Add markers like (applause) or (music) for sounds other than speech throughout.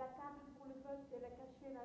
la cave pour le peuple et la cacher la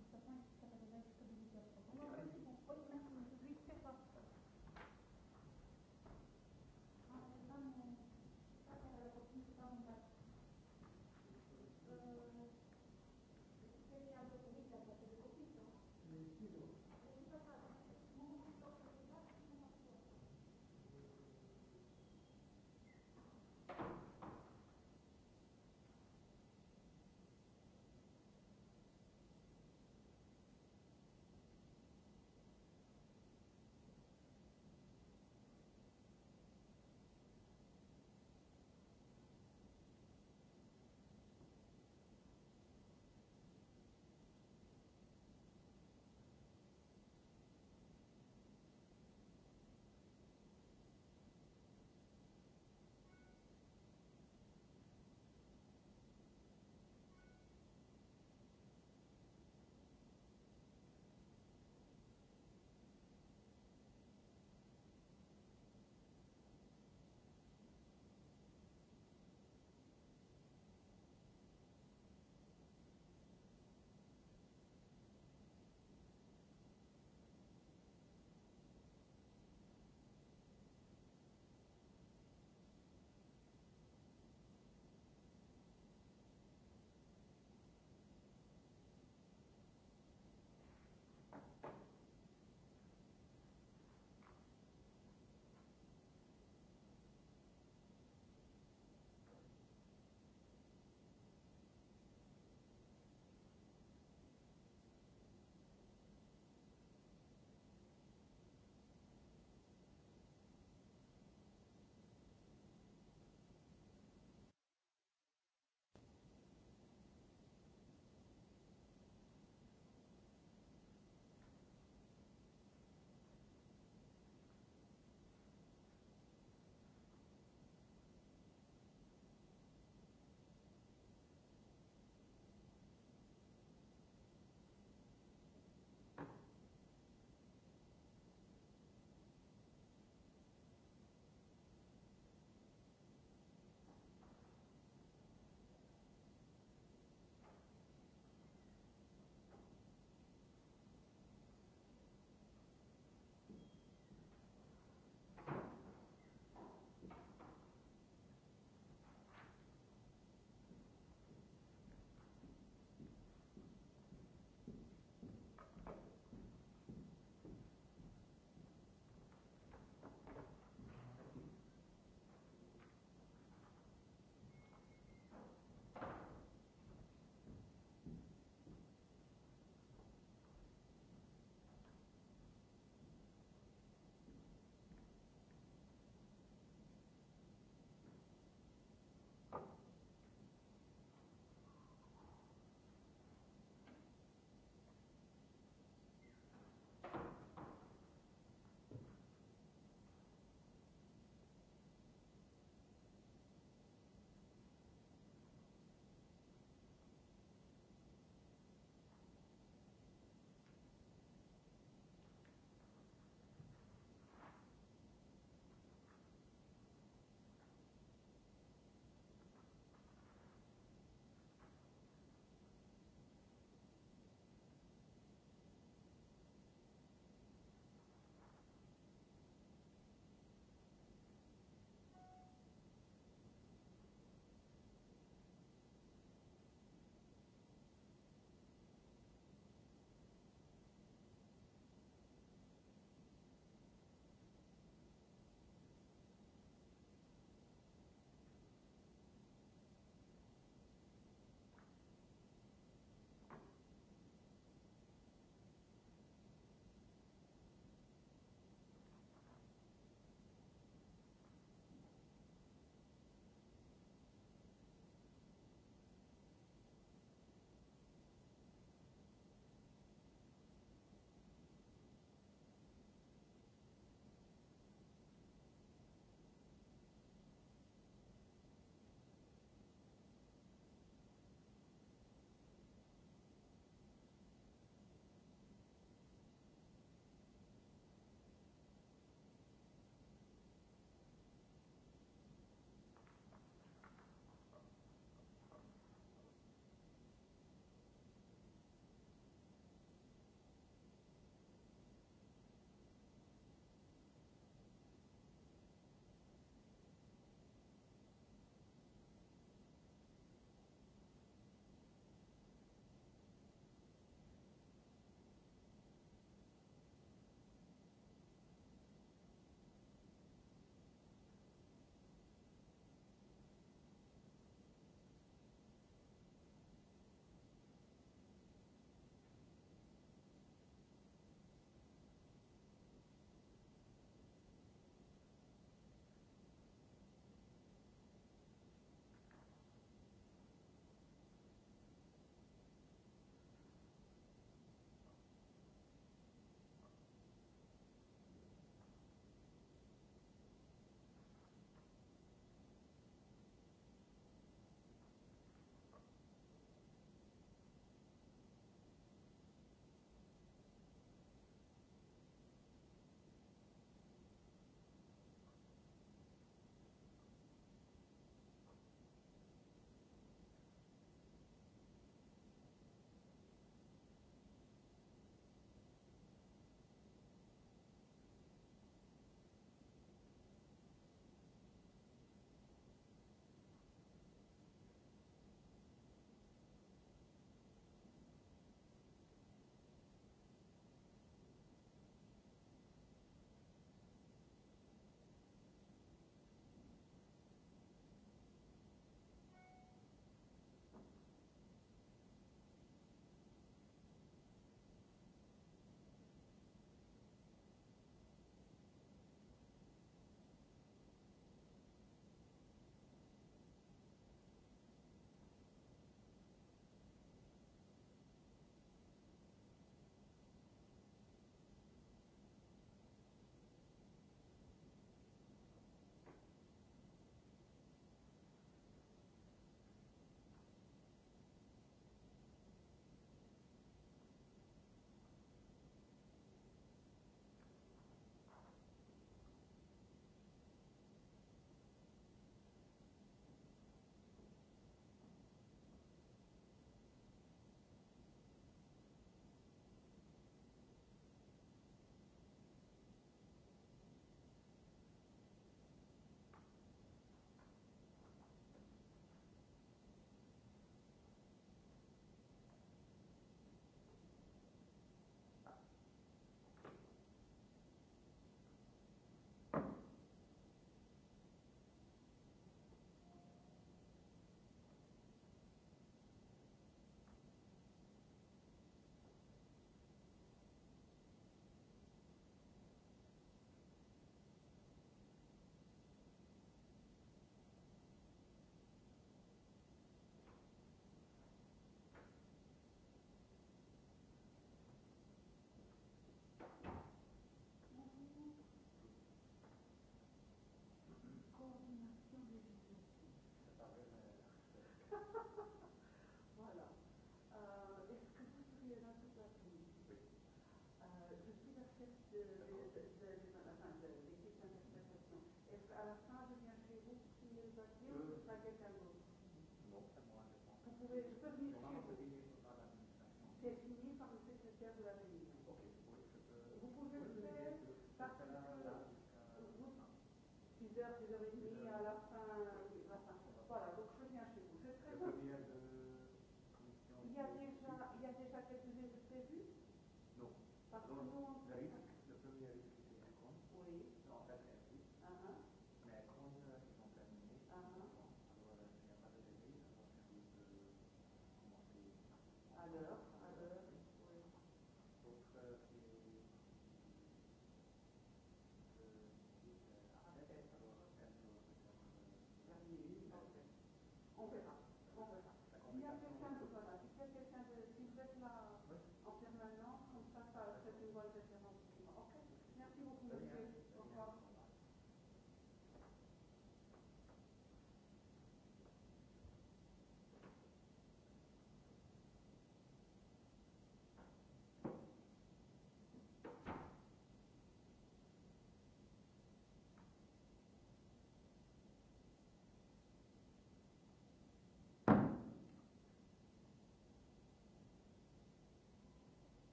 en Europe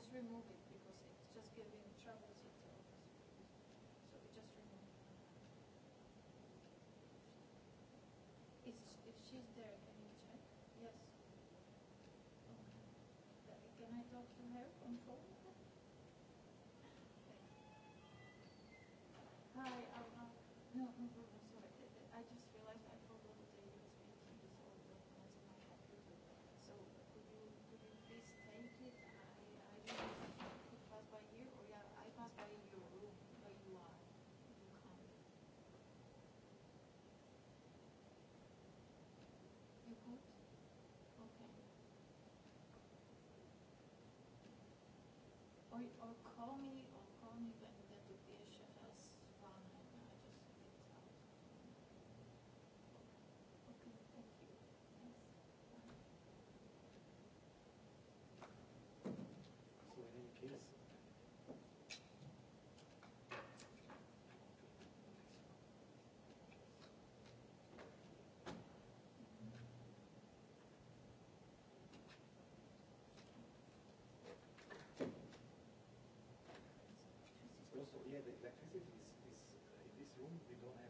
just remove it because it's just giving trouble to the office. So we just remove it. Is, if she's there, can you check? Yes. Okay. Can I talk to her on phone? me or call me the electricity is, is in this room, we don't have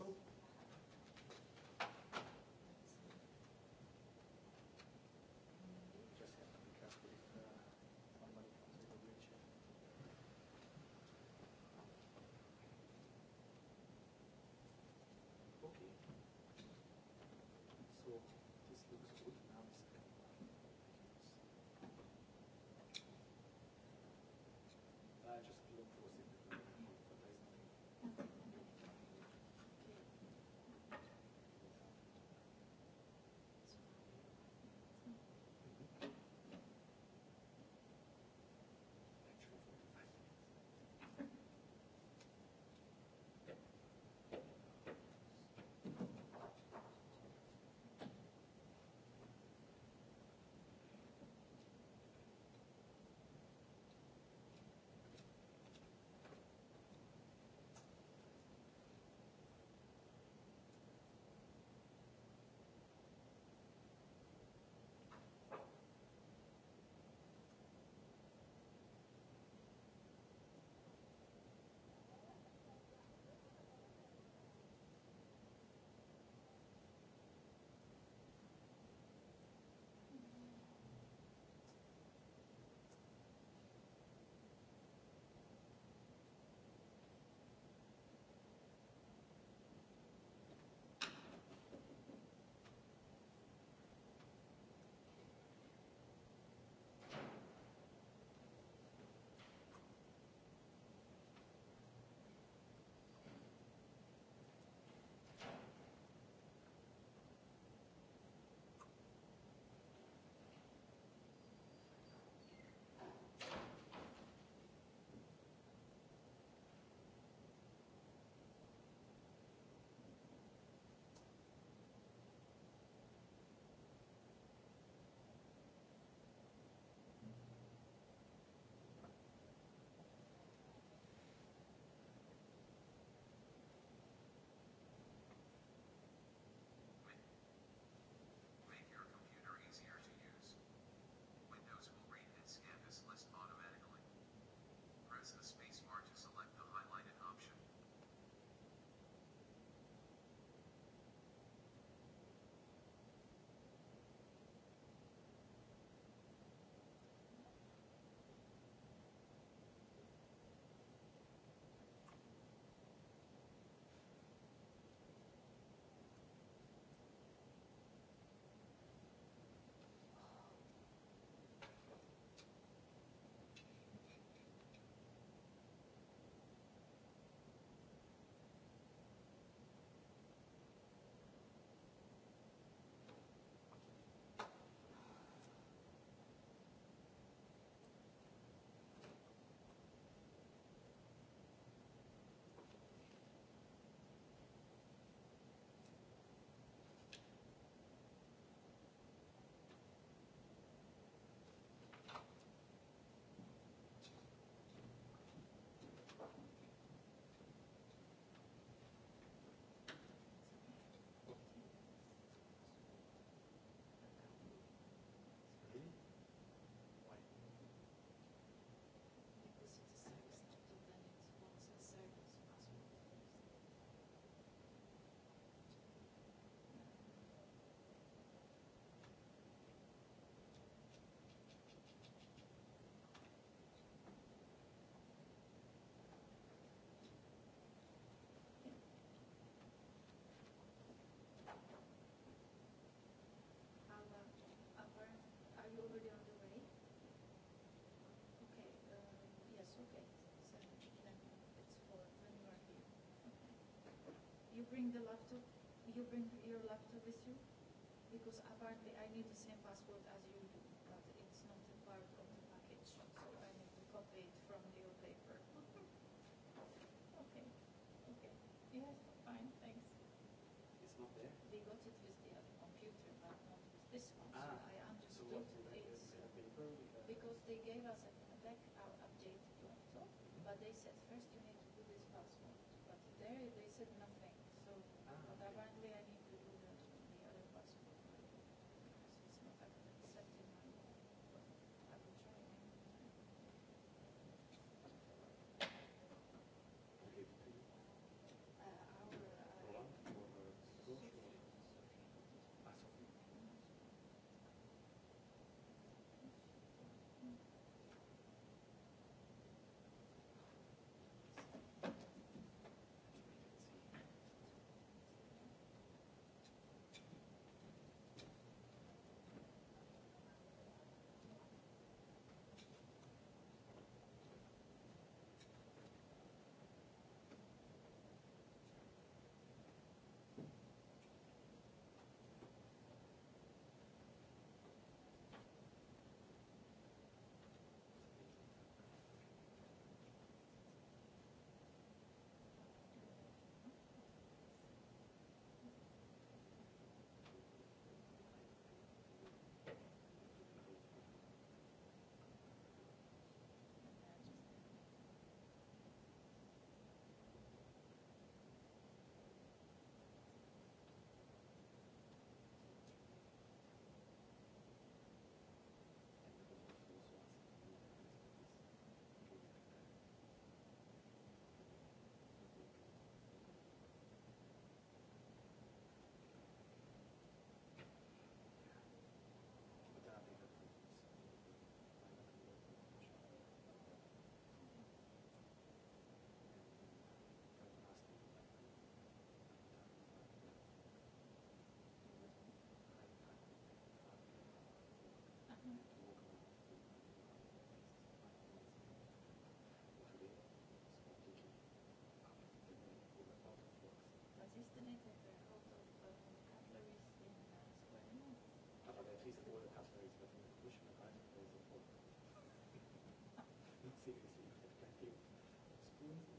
council. bring the laptop? You bring your laptop with you? Because apparently I need the same password as you do, but it's not a part of the package, so I need to copy it from your paper. (laughs) okay, okay. Yes, fine, thanks. It's not there? They got it with the other computer, but not with this one, ah, so I understood so what, it's... Uh, paper we have? Because they gave us a back our updated laptop, mm -hmm. but they said first you need to do this password. But there they said no, seriously with the plenty of spoon. Right?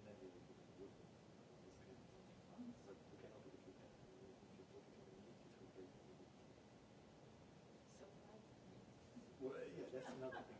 And then we will put the wood in the second. But we cannot do the food then. If you put it in the meat, it will break the meat. So, well, yeah, that's another thing.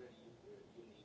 very unique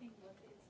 think what is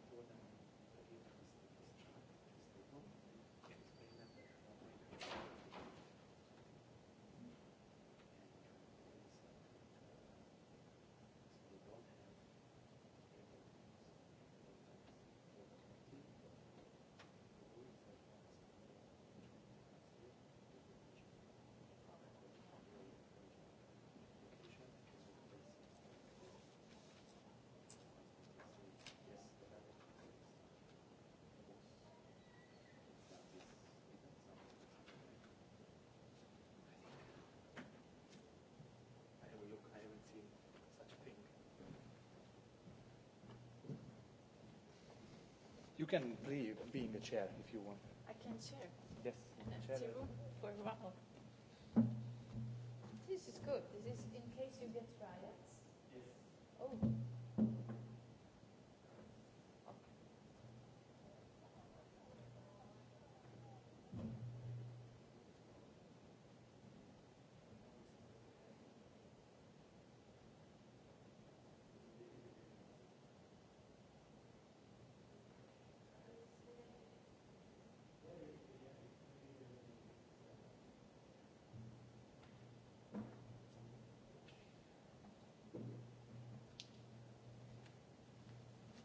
You can be, be in the chair if you want. I can chair. Yes. And chair. for a while. This is good. This is in case you get riots.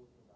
būtų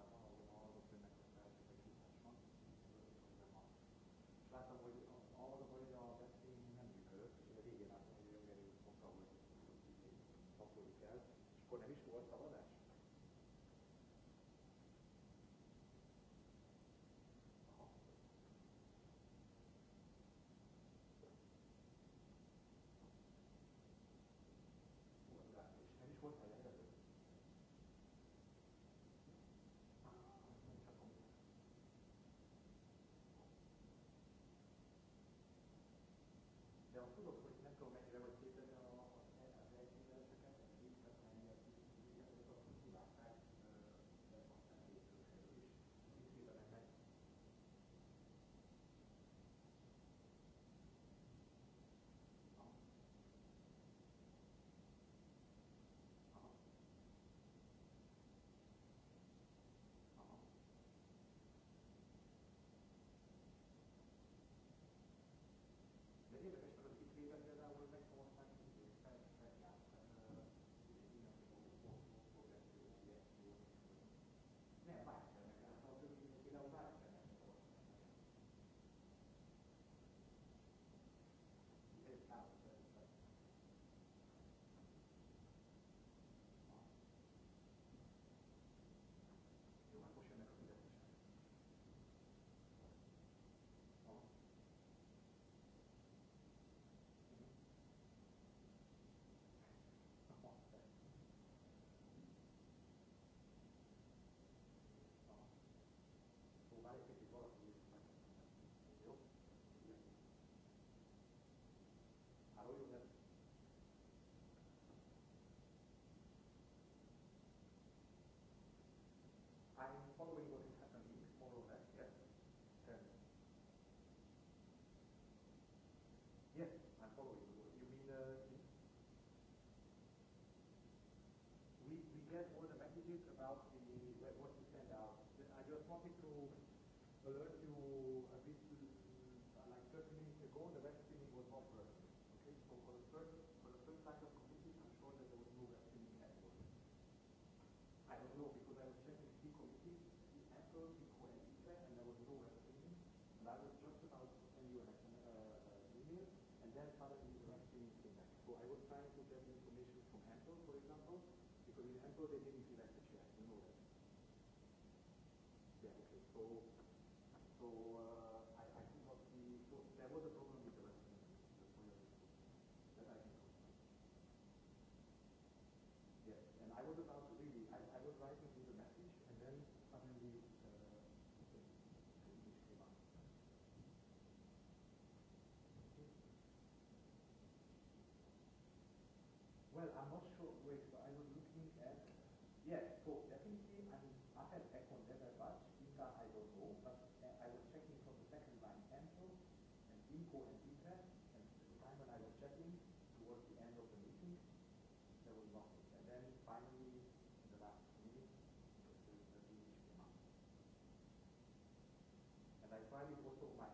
saw they didn't do that to Chad in all that. Yeah, okay. So, so uh, I, I think what the, so there was a problem with the rest the point of the school. That I can Yes, and I was about to really, I, I was writing you the message, and then suddenly Well, I'm not sure. Wait, ความมีความสุขใหม่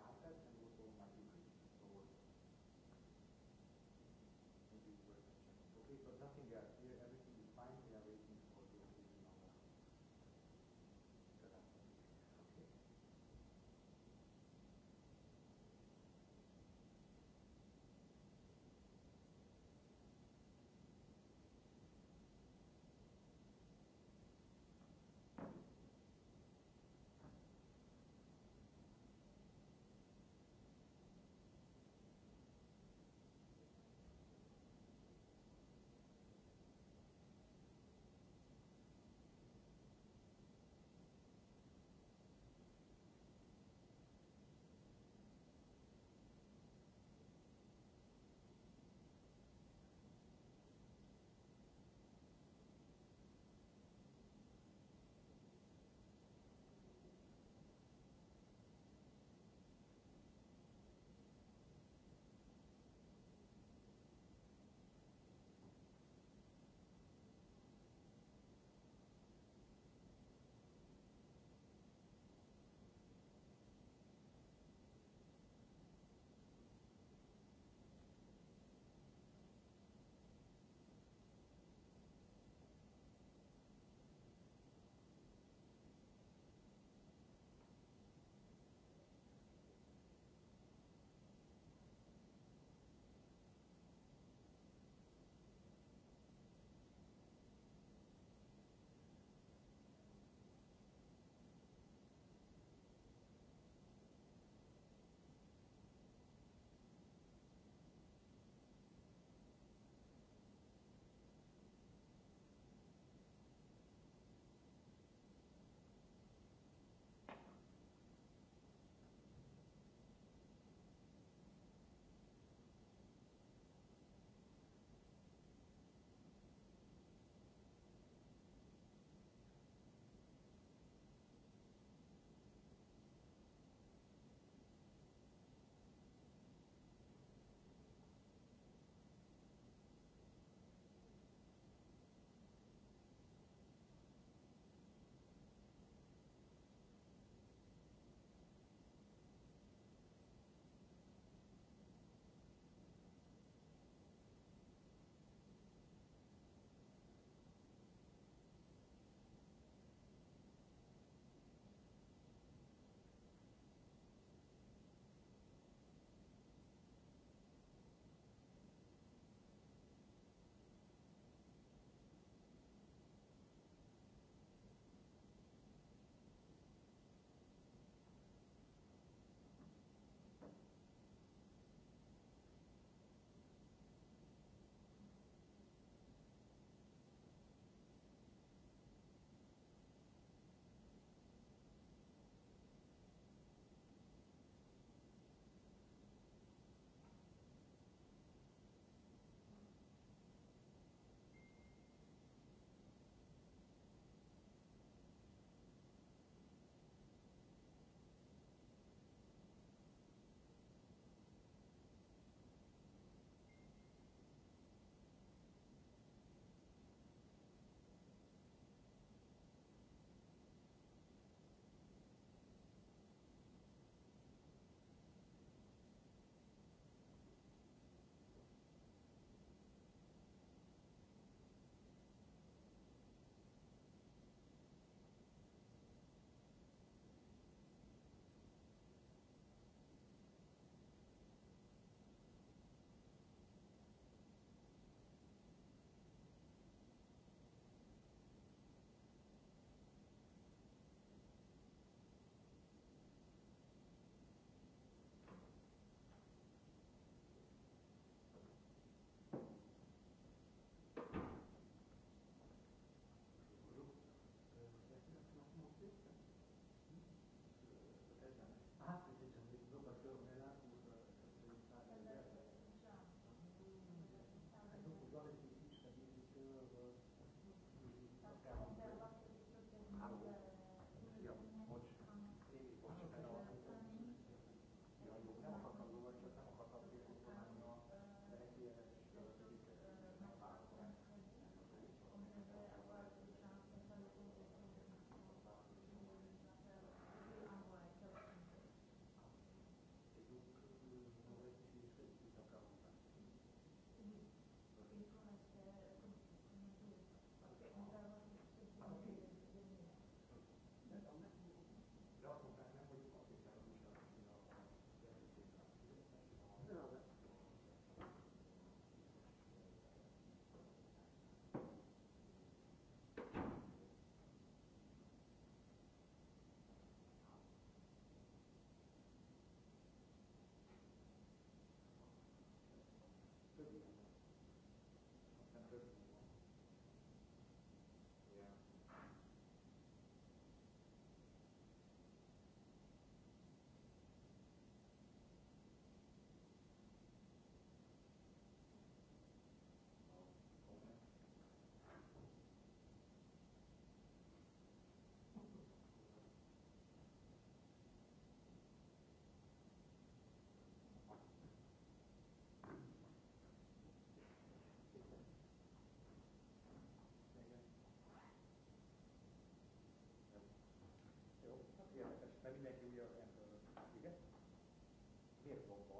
tiek dėl to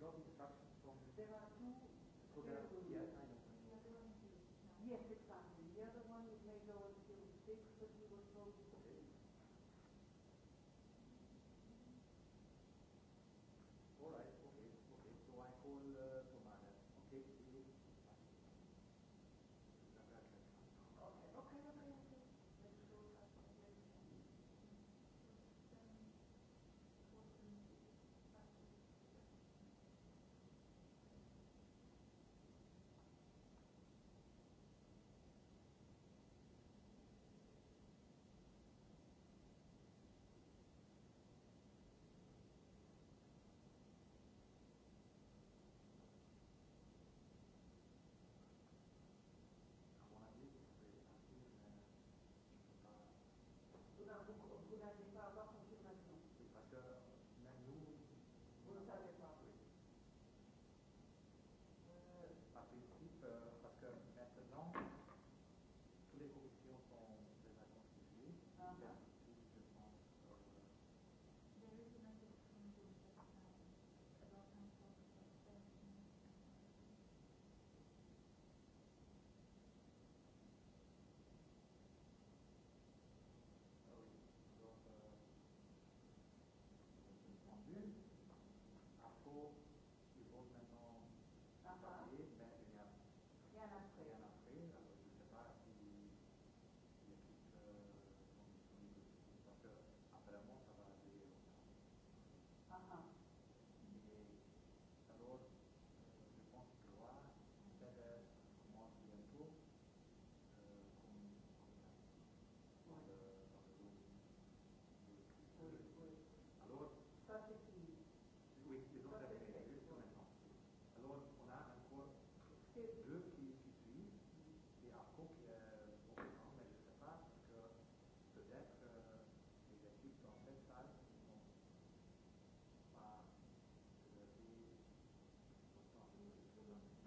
got in touch from Terra to Kodaria.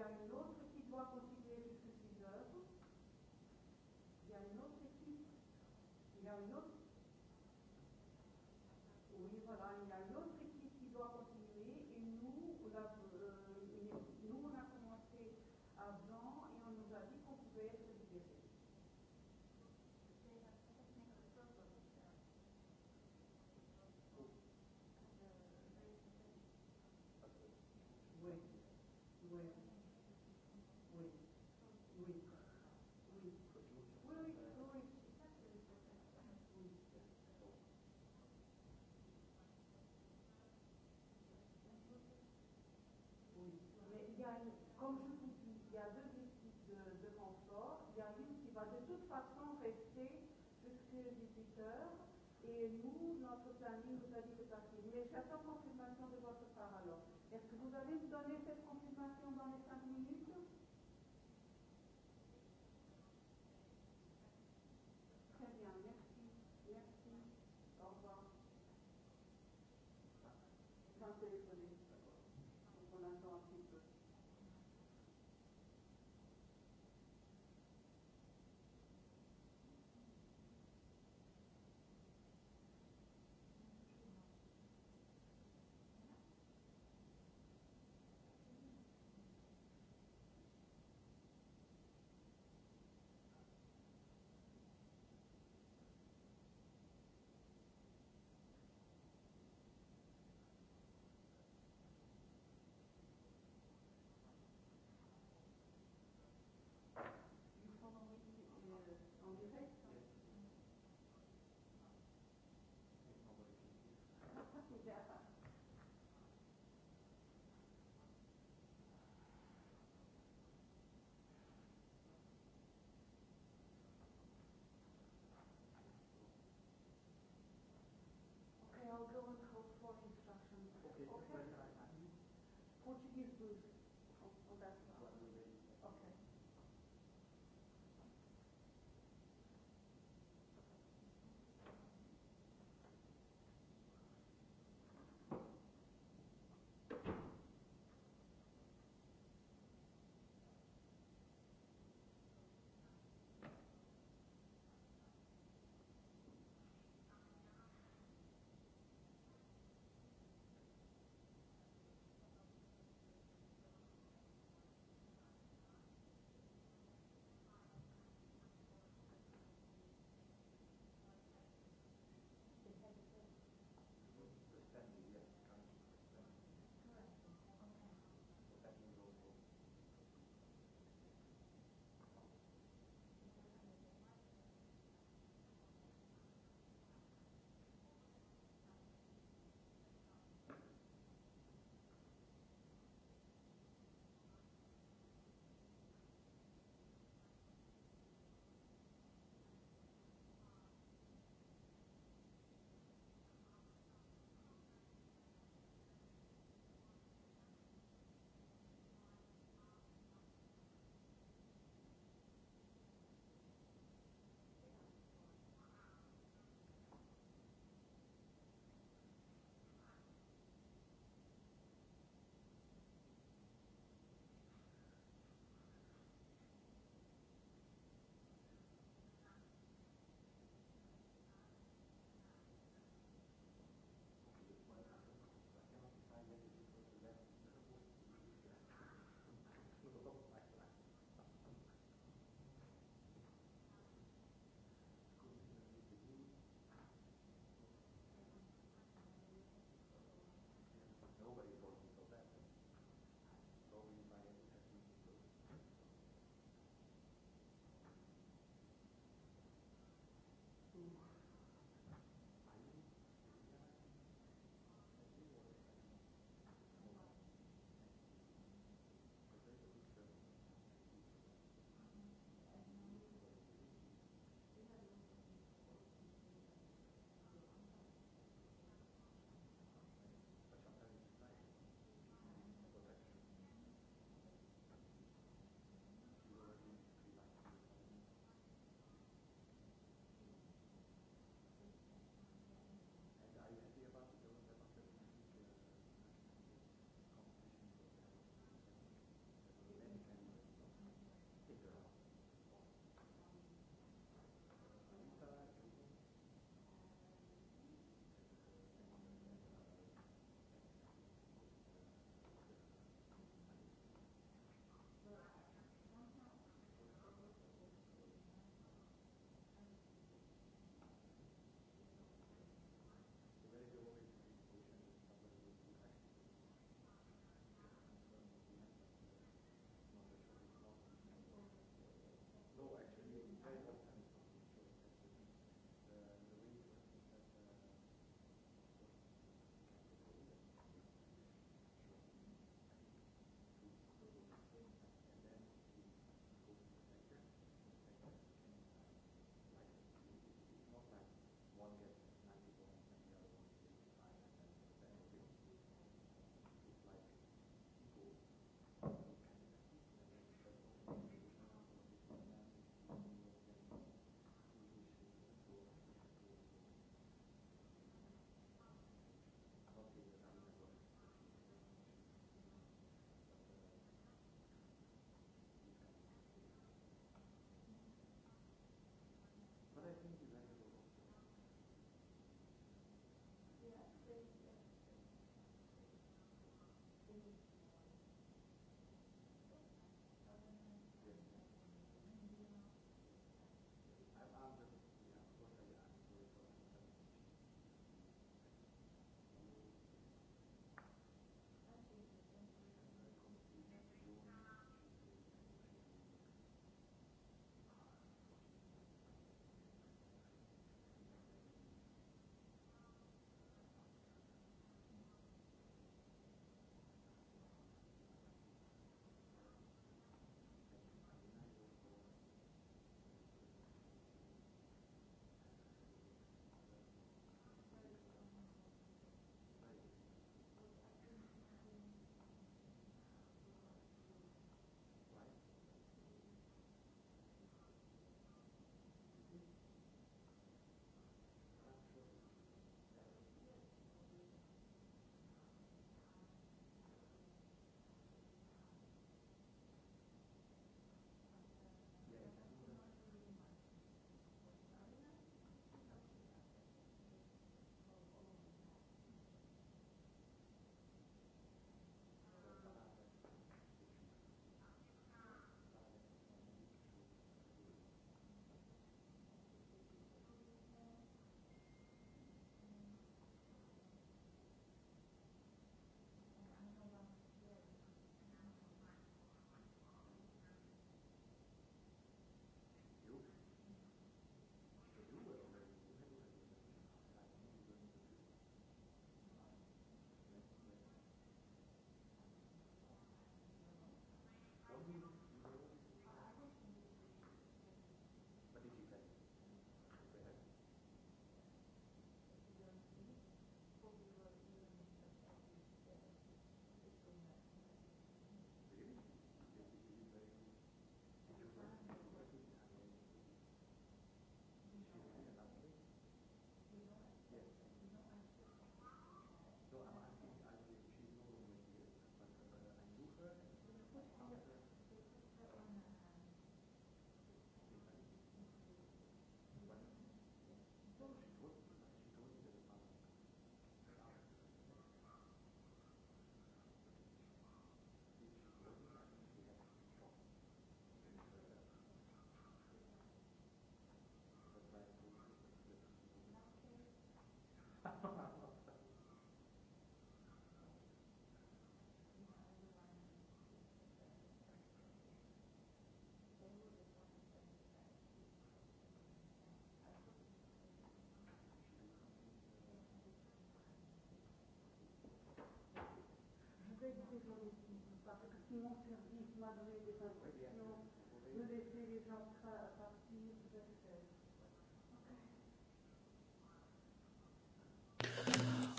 il y a une autre qui doit teisėtvarkos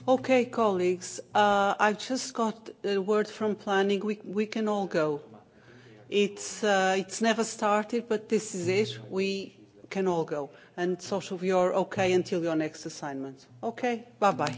Okay, colleagues, uh, I've just got a word from planning. We, we can all go. It's, uh, it's never started, but this is it. We can all go. And social, you're okay until your next assignment. Okay, bye-bye.